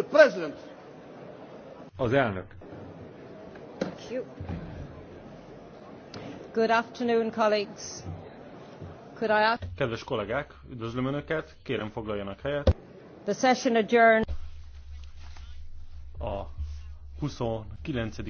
President. Az elnök. Good afternoon, colleagues. Could I ask... Kedves kollégák, üdvözlöm Önöket, kérem foglaljanak helyet. The session adjourned. A 29.